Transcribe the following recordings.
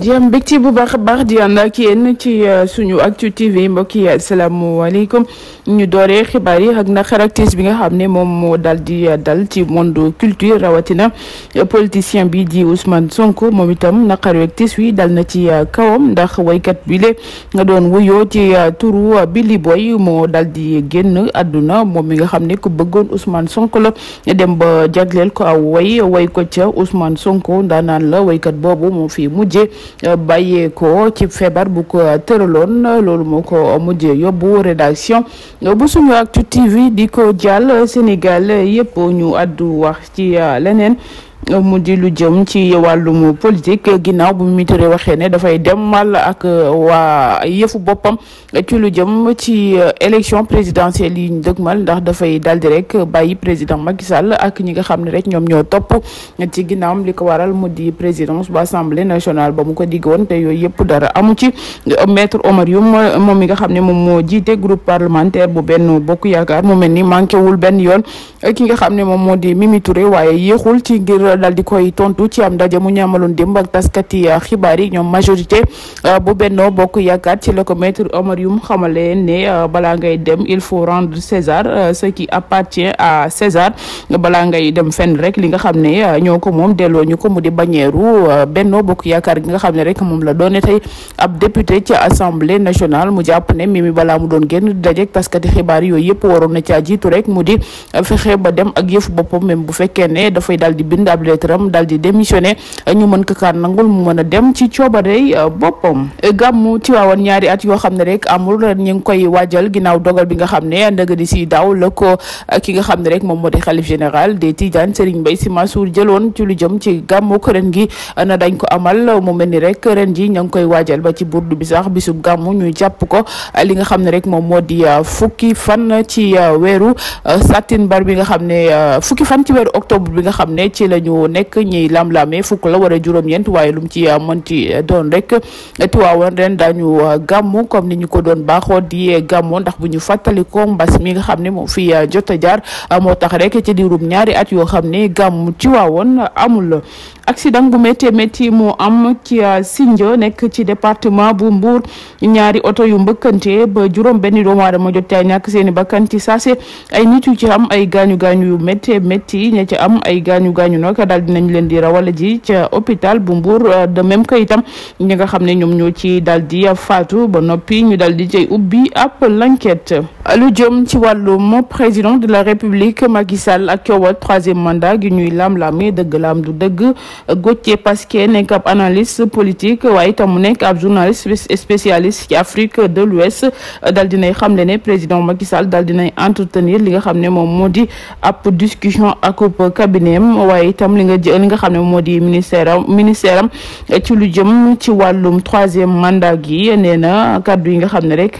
di am bu baax a baax di ànd ak ci euh, suñu actu TV mbokk yi asalaamaaleykum ñu dooree xibaar yi ak na caractère bi nga xam ne moom moo dal di euh, dal ci monde culture rawatina euh, politicien bi di Ousmane Sonko moom itam naqar weeg tiis wi dal na ci euh, kawam ndax waykat bi le nga doon wuyoo ci turu Billy Boy moo dal di génn àdduna moom mi nga xam ne ko bëggoon Ousmane sonk la dem ba jagleel ko aw way way ko ca Ousmane Sonko ndaanaan la waykat boobu moo fi mujje bàyyee ci feebar bu ko tëraloon loolu moo ko mujje yóbbu rédaction bu suñu Actu TV di ko jàll Sénégal yëpp ñu àddu wax ci euh, leneen mu di lu jëm ci wàllum politique ginnaaw bu Mimi Touré waxee ne dafay demal ak uh, waa yëfu boppam ci lu jëm ci uh, élection présidentielle yi ñu mal ndax dafay daldi rek bàyyi président Macky Sall ak ñi nga xam ne rek ñoom ñoo topp ci ginnaawam li ko waral mu di présidence bu assemblée nationale ba mu ko digg te yooyu yëpp dara amu ci maître Omar Youm moom mi nga xam ne moom moo jiite groupe parlementaire bu benn bokk yaakaar mu mel ni manqué wul benn yoon ki nga xam loolu daal di koy tontu ci am ndaje mu ñu amaloon démb taskati euh, xibaar yi ñoom majorité euh, bu Benno Bokk Yaakaar ci la ko maître Omar Youm xamale ne euh, balaa ngay dem il faut rendre César ce qui appartient à César balaa ngay dem fenn rek li nga xam ne ñoo ko moom deloo ñu ko mu di bañeeru Benno Bokk Yaakaar gi nga xam ne rek moom la doone tey ab député ci assemblée nationale mu jàpp ne Mimi balaa mu doon génn dajeek taskati xibaar yooyu yëpp waroon na caa jiitu rek ab lettre am daal di démissionné ñu mën ko kaan nangul mu mën a dem ci coobarey euh, boppam gàmmu Tiwaawan ñaari at yoo xam ne rek amul ñu ngi koy waajal ginnaaw dogal bi nga xam ne ndëga di la ko euh, ki nga xam moo di xalif général des Tidianes Serigne Mbaye Sy Mansour jëloon ci lu gi euh, na ko amal mu mel ni rek ren ji ña ngi koy waajal ba ci burdu bi sax bisub gàmmu ñu jàpp ko li nga xam ne rek moom moo di fukki fan ci weeru satin bar bi nga xam ne fukki fan ci weeru octobre bi nga xam ne ci lañu ñu nekk ñiy lam-lame fukk la wala juróom-ñeent waaye lu mu ci mënti doon rek Tiwaawan ren daañu gàmmu comme ni ñu ko doon baaxoo di gàmmu ndax bu ñu fàttalikoo mbas mi nga xam ne moo fi jot a jaar moo tax rek ci diirum ñaari at yoo xam ne gàmmu Tiwaawan amul accident bu métti métti moo am ci euh, Sindia nekk ci département bu Mbour ñaari oto yu mbëkkante ba juróom benn doomu aadama jot caa ñàkk seen i bakkan ci saase ay nit yu ci am ay gaañu gaañu yu métti métti ña ci am ay gaañu gaañu nag daal dinañ leen di rawal ji ca hôpital bu Mbour euh, de même que itam ñi nga xam ne ñoom ñoo ci daal di faatu ba noppi ñu daal di cay ubbi app ab l'enquête lu jëm ci wàllum président de la république Macky Sall ak coowal troisième mandat gi ñuy lam-lamee dëgg laam du dëgg Gauthier Pasquier nekk ab analyste politique waaye itam mu nekk ab journaliste spécialiste ci Afrique de l'Ouest dal dinay xamle ne président Macky Sall dal dinay entretenir li nga xam ne moom moo di ab discussion ak cabinet am waaye itam li nga li nga xam ne moo di ministère am ministère am ci lu jëm ci wàllum troisième mandat gi nee na kaddu yi nga xam ne rek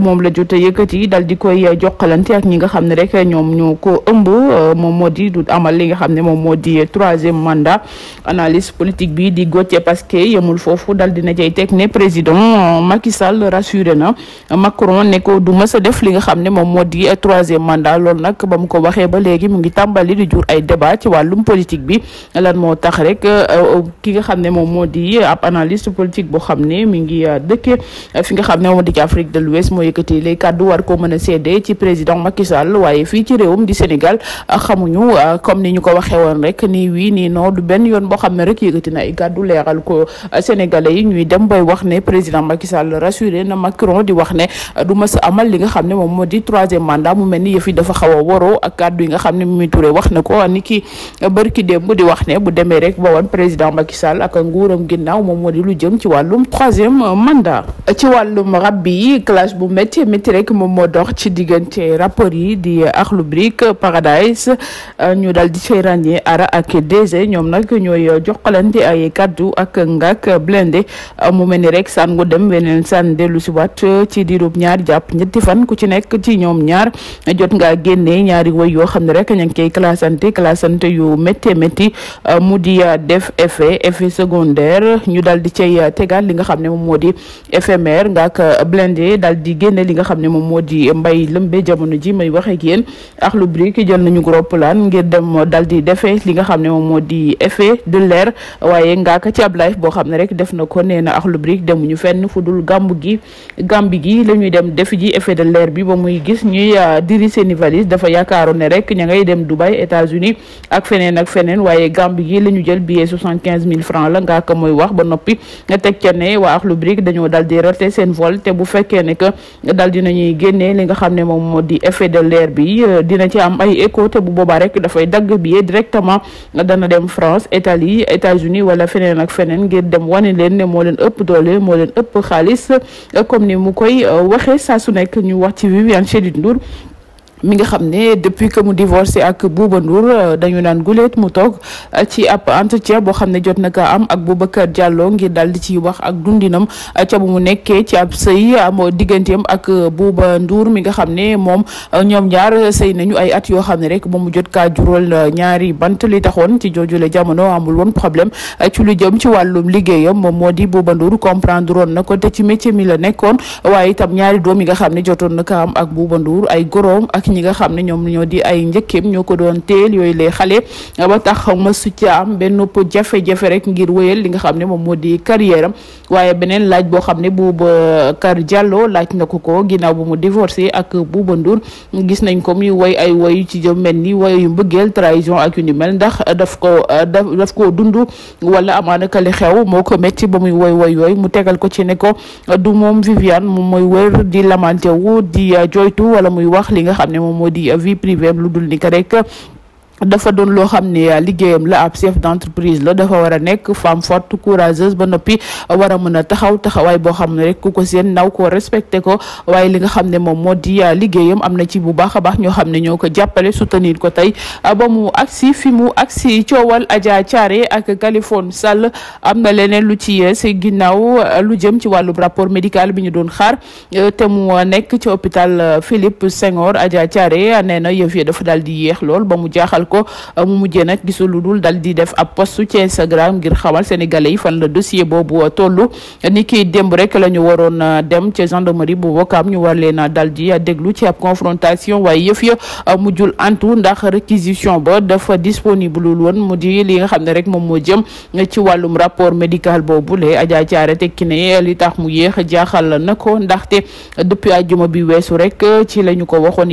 moom la jot a yëkkati dal di koy jokkalante ak ñi nga xam ne rek ñoom ñoo ko ëmb moom moo di du amal li nga xam ne moom moo di troisième mandat analyse politique bi di Gauthier Pasquier yemul foofu dal dina jay teg ne président Macky Sall rassuré na Macron ne du mës a def li nga xam ne moom moo di troisième mandat nag ba mu ko waxee ba léegi mu ngi tàmbali di jur ay débat ci wàllum politique bi lan moo tax rek euh, euh, ki nga xam ne moom moo di ab analyste politique boo xam ne mi ngi euh, dëkkee fi nga xam ne moom di ci Afrique de l'Ouest moo yëkkati lay kàddu war ko mën a seede ci président Macky Sall waaye fii ci réewum di Sénégal xamuñu comme ni ñu ko waxee woon rek nii wii nii non du benn yoon boo xam ne rek yëkkati na ay kàddu leeral ko di a amal xam ne moom moo di troisième mandat mu mel ni yëf a yi nga xam ne Mimi Touré wax na ko ni ki bërki démb di wax ne bu demee rek ba woon président Macky Sall ak nguuram ginnaaw moom moo di lu jëm ci wàllum troisième mandat ci wàllum rab bi clash bu métti métti rek moom moo dox ci diggante rapport yi di Akhlou Brick Paradise ñu dal di cay ràññee ara ak DG ñoom nag ñooy joxalante ay kaddu ak Ngaaka Blindé mu mel ni rek saan gu dem weneen saan dellu si waat ci diirub ñaar jàpp ñetti fan ku ci nekk ci ñoom ñaar jot nga génnee ñaari woy yoo xam ne rek ña ngi koy classante classante yu métti métti mu di def effet effet secondaire ñu daal di cay tegaat li nga xam ne moom moo di éphémère Ngaaka Blindé daal di génne li nga xam ne moom moo di mbay lëmbe jamono ji may wax ak ak lu brik jël nañu gros plan ngir dem daal di loolee di leer waaye ngaaka ci ab live boo xam ne rek def na ko nee na Akhlou Brick demuñu fenn fu dul gàmb gi gàmbi gi la ñuy dem def ji effet de l'air bi ba muy gis ñuy euh, diri seeni valise dafa yaakaaroon ne rek ña ngay dem Dubai États-Unis ak feneen ak feneen waaye gàmbi gi la ñu jël billet soixante quinze mille francs la ngaaka mooy wax ba noppi nga teg ca ne waa Akhlou Brick dañoo dal di raté seen vol te bu fekkee ne que dal dinañuy génnee li nga xam ne moom moo di de l'air bi euh, dina ci Italie États-Unis wala feneen ak feneen ngir dem wane leen ne moo leen ëpp doole moo leen ëpp xaalis comme ni mu koy uh, waxee saa su nekk ñu wax ci Viviane Chidid Ndour mi nga xam ne depuis que mu divorcé ak Bouba Ndour euh, dañu naan guleet mu toog euh, ci ab entretien boo xam ne jot na ko am ak Boubacar Diallo ngir daal di ci wax ak dundinam euh, ca bu mu nekkee ci ab sëy am digganteem ak Bouba Ndour mi nga xam ne moom ñoom ñaar sëy nañu ay at yoo xam ne rek moom mu jot kaa jural ñaari bant li taxoon ci joojule jamono amul woon problème ci lu jëm ci wàllum liggéeyam moom moo di Bouba Ndour comprendre woon na ko te ci métier mi la nekkoon waaye itam ñaari doom yi nga xam ne jotoon na ko am ak Bouba Ndour ay goroom ak ak nga xam ne ñoom ñoo di ay njëkkeem ñoo ko doon teel yooyu lay xale ba tax mësu ci am benn jafe-jafe rek ngir wéyal li nga xam ne moom moo di carrière am waaye beneen laaj boo xam ne Boubacar Diallo laaj na ko ko ginnaaw bu mu divorcé ak Bouba Ndour gis nañ ko muy woy ay woy ci jëm mel ni woy yu mbëggeel trahison ak yu ni mel ndax daf ko daf daf koo dund wala amaana kale xew moo ko metti ba muy woy woy yooyu mu tegal ko ci ne ko du moom Viviane moom di lamante wu di moom moo di vie privée am lu dul ni ko rek dafa doon loo xam ne euh, liggéeyam la ab chef d'entreprise la dafa war a nekk femme forte courageuse ba noppi war a mën a taxaw taxawaay boo xam ne rek ku ko seen naw ko respecté ko waaye li nga xam ne moom moo di euh, liggéeyam am na ci bu baax a baax ñoo xam ne ñoo ko jàppale soutenir ko tey euh, ba mu agsi fi mu agsi coowal Adja Thiaré ak Californe Sall am na leneen lu ci si ginnaaw lu jëm ci wàllu rapport médical bi ñu doon xaar te mu nekk ci hôpital Philippe Senghor Adja Thiaré nee na yëf yi tuumaal ko euh, mu mujjee nag gisul dul dal di def ab post ci Instagram ngir xamal sénégalais yi fan la dossier boobu euh, toll ni kiy démb rek la ñu waroon euh, dem ca gendarmerie bu Wakaam ñu war leen dal di déglu ci ab confrontation waaye yëf ya mujjul antu ndax réquisition ba dafa disponible woon mu di li nga xam ne rek moom moo jëm ci wàllum rapport médical boobu lee Adja Thiaré tekki ne li tax mu yéex jaaxal la na ko te depuis àjjuma bi weesu rek ci lañ ko waxoon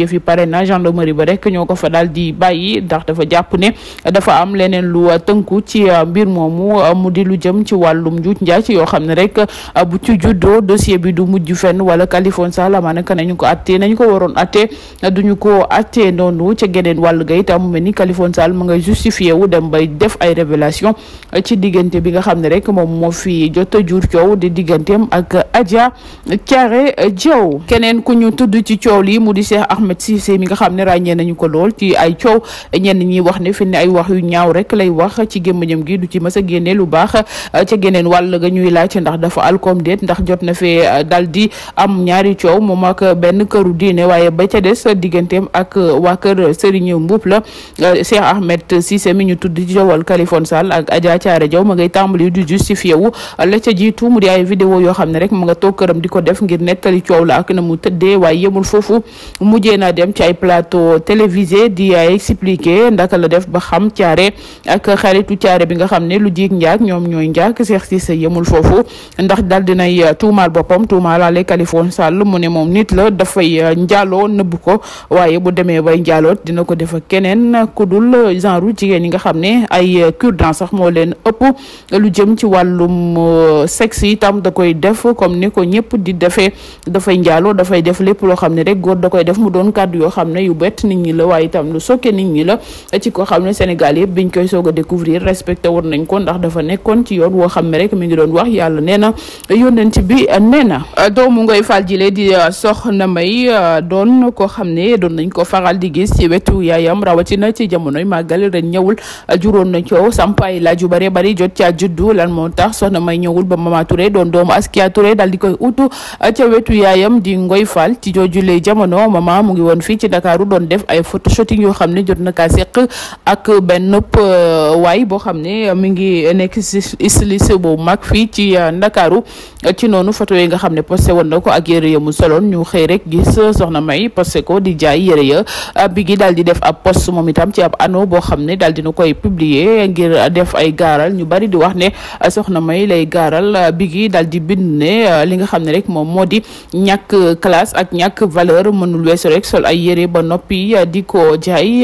dafa jàpp ne dafa am leneen lu tënku ci euh, mbir moomu euh, mu di lu jëm ci wàllum njuuj njaaj yoo xam ne rek euh, bu ci juddoo dossier bi du mujj fenn wala Kaliphone Sall amaanaka ñu ko attee nañu ko waroon attee duñu ko atte noonu ca geneen wàll ga itam mu mel ni Kaliphone Sall ma ngay justifié wu dem bay def ay révélation ci diggante bi nga xam ne rek moom moo fi jot a jur coow di digganteem ak Adja Thiaré Diaw keneen ku ñu tudd ci coow lii mu di Cheikh Ahmed Cissé mi nga xam ne ràññee nañu ko lool ci ay coow ñenn ñi wax ne fi ne ay wax yu ñaaw rek lay wax ci gémmiñam gi du ci mës a génne lu baax euh, ca geneen wàll ga ñuy laaj ndax dafa alkoom déet ndax jot na fee euh, dal di am ñaari coow moom ak benn këru diine waaye ba ca des digganteem ak euh, waa kër Serigne Mboup la Cheikh Ahmed Cissé mi ñu tudd jowal Kalifon Sall ak Adja Thiaré Diaw ma ngay tàmbali di justifié wu la ca jiitu mu di ay vidéo yoo xam ne rek mu nga toog këram di ko def ngir nettali coow la ak na mu tëddee waaye yemul foofu mujjee naa dem ci ay plateau télévisé di boobee ndaka la def ba xam caare ak xaritu caare bi nga xam ne lu jiig njaak ñoom ñooy njaak Cheikh sa yemul foofu ndax dal dinay euh, tuumaal boppam tuumaalaale Kaliphone Sall mu ne moom nit la dafay euh, njaaloo nëbb ko waaye bu demee bay njaaloot dina ko def keneen ku dul euh, genre jigéen yi nga xam ne ay cure-dents sax moo leen ëpp lu jëm ci wàllum sexe itam da koy def comme ni ko ñëpp di defee dafay njaaloo dafay def lépp loo xam ne rek góor da koy def mu doon kàddu yoo xam ne ci ko xam ne Sénégal yëpp biñ koy soog a découvrir respecté woon nañ ko ndax dafa nekkoon ci yoon woo xam ne rek mi ngi doon wax yàlla nee na yónnent bi nee na doomu Ngoye Fall jile di euh, soxna May euh, doon koo xam ne doon nañ ko faral di gis ci wetu yaayam rawatina ci na coow sampaay laaj yu bare bari jot caa juddu lan moo tax soxna May ñëwul ba Mama Touré doon doomu Askia Touré daal di koy utu euh, ca wetu yaayam di Ngoye Fall ci joojule jamono mama mu ngi woon fii ci Ndakaaru doon def ay photoshooting yoo xam ne jot na kaase seq ak benn euh, waay boo xam ne mi ngi nekk si styliste bu mag fii ci euh, Ndakaaru ci noonu foto yi nga xam ne posté woon na ko ak yére ya mu soloon ñu xëy rek gis soxna May posté ko di jaay yére ya euh, bi gi dal di def ab post moom itam ci ab ano boo xam ne daal dina koy publier ngir def ay gaaral ñu bari di wax ne soxna May lay gaaral bi gi daal di bind ne li nga xam ne rek moom moo di ñàkk classe ak ñàkk valeur mënul weesu rek sol ay yére ba noppi di ko jaay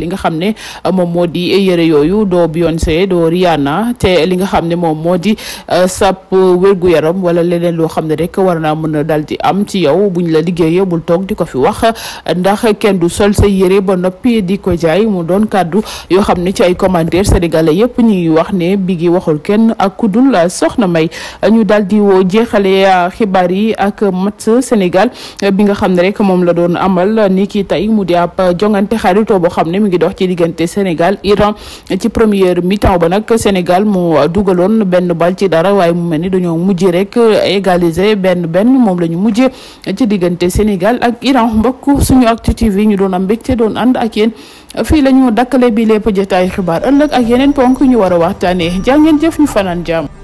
li nga xam ne euh, moom moo di yëre yooyu doo Beyoncé doo Rihanna te li nga xam ne moom moo di euh, sap wérgu yaram wala leneen loo xam ne rek war naa mën a daal di am ci yow bu ñu la liggéeyee bul toog di ko fi wax ndax kenn du sol sa yére ba noppi di ko jaay mu doon kàddu yoo xam ne ci ay commentaire sénégalais yëpp ñu ngi wax ne Biggi waxul kenn ak kudul euh, soxna May ñu daal di woo jeexale xibaar yi ak match Sénégal bi nga xam ne rek moom la doon amal ni ngi dox ci diggante Sénégal Iran ci première mi ba nag Sénégal moo mu dugaloon benn bal ci dara waaye mu mel ni dañoo mujjee rek égaliser benn benn moom la ñu mujjee ci diggante Sénégal ak Iran mbokk suñu Actu TV ñu doon am mbégte doon ànd ak yéen fii la ñu dakkale bi lépp jotaay xibaar ëllëg ak yeneen ponk ñu war a waxtaanee jaa ngeen jëf ñu fanaan jàmm.